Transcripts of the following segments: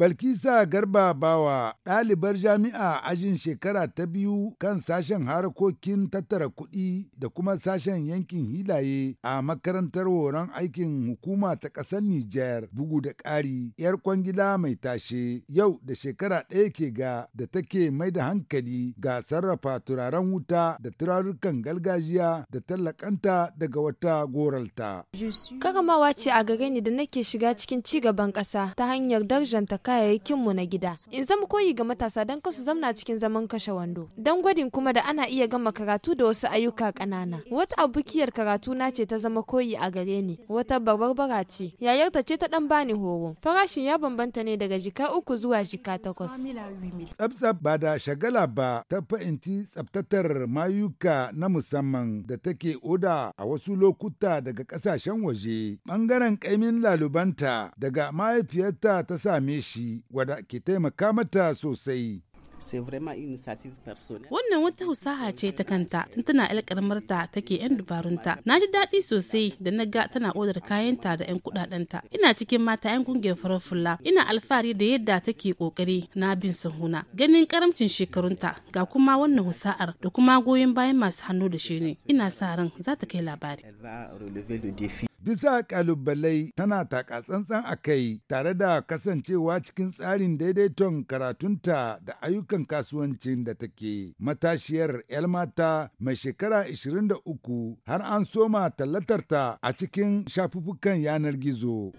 Balkisa Garba Bawa ɗalibar jami'a ajin shekara ta biyu kan sashen harkokin tattara kuɗi da kuma sashen yankin hilaye a makarantar horon aikin hukuma ta ƙasar Nijar bugu da ƙari 'yar kwangila mai tashe yau da shekara ɗaya ke ga da take mai da hankali ga sarrafa turaren wuta da turarukan gargajiya da tallakanta daga wata goralta. Karamawa ce a gare ni da nake shiga cikin ci gaban ƙasa ta hanyar darjanta mu na gida. In zama koyi ga matasa don kasu zamna cikin zaman kashe wando. Don gwadin kuma da ana iya gama karatu da wasu ayyuka ƙanana. Wata abukiyar karatu na ce ta zama koyi a gare ni, wata babarbara ce. Yayarta ce ta ɗan bani horo. Farashin ya bambanta ne daga jika uku zuwa jika takwas. Tsabtsab ba da shagala ba ta fa'inci tsabtatar mayuka na musamman da take oda a wasu lokuta daga ƙasashen waje. Ɓangaren kaimin lalubanta daga mahaifiyarta ta same shi wadda ke taimaka mata sosai. Wannan wata husaha ce ta kanta tun tana ƴar ta take yan dubarunta. Na ji daɗi sosai da na ga tana odar kayanta da yan kuɗaɗenta. Ina cikin mata yan kungiyar farar fulla. Ina alfahari da yadda take ƙoƙari na bin sahuna. Ganin ƙaramcin shekarunta ga kuma wannan husa'ar da kuma goyon bayan masu hannu da shi ne. Ina sa ran za ta kai labari. Bisa ƙalubalai tana takatsantsan a kai tare da kasancewa cikin tsarin daidaiton karatunta da ayyukan kasuwancin da take. Matashiyar elmata mai shekara 23 har an soma tallatarta a cikin shafuffukan yanar gizo.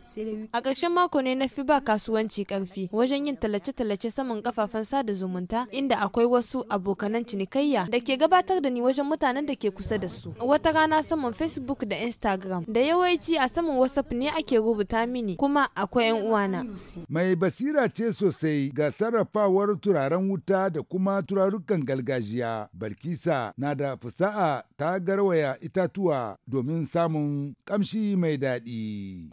A ƙarshen mako ne na fi ba kasuwanci ƙarfi wajen yin tallace-tallace saman kafafen sada zumunta inda akwai wasu abokanan cinikayya da ke gabatar da ni wajen mutanen da ke kusa da su. Wata rana saman Facebook da Instagram da yawa Yawanci a saman WhatsApp ne ake rubuta mini kuma akwai 'yan uwana. Mai basira ce sosai ga sarrafawar turaren wuta da kuma turarukan gargajiya. Balkisa na da fusaa ta garwaya itatuwa domin samun kamshi mai daɗi.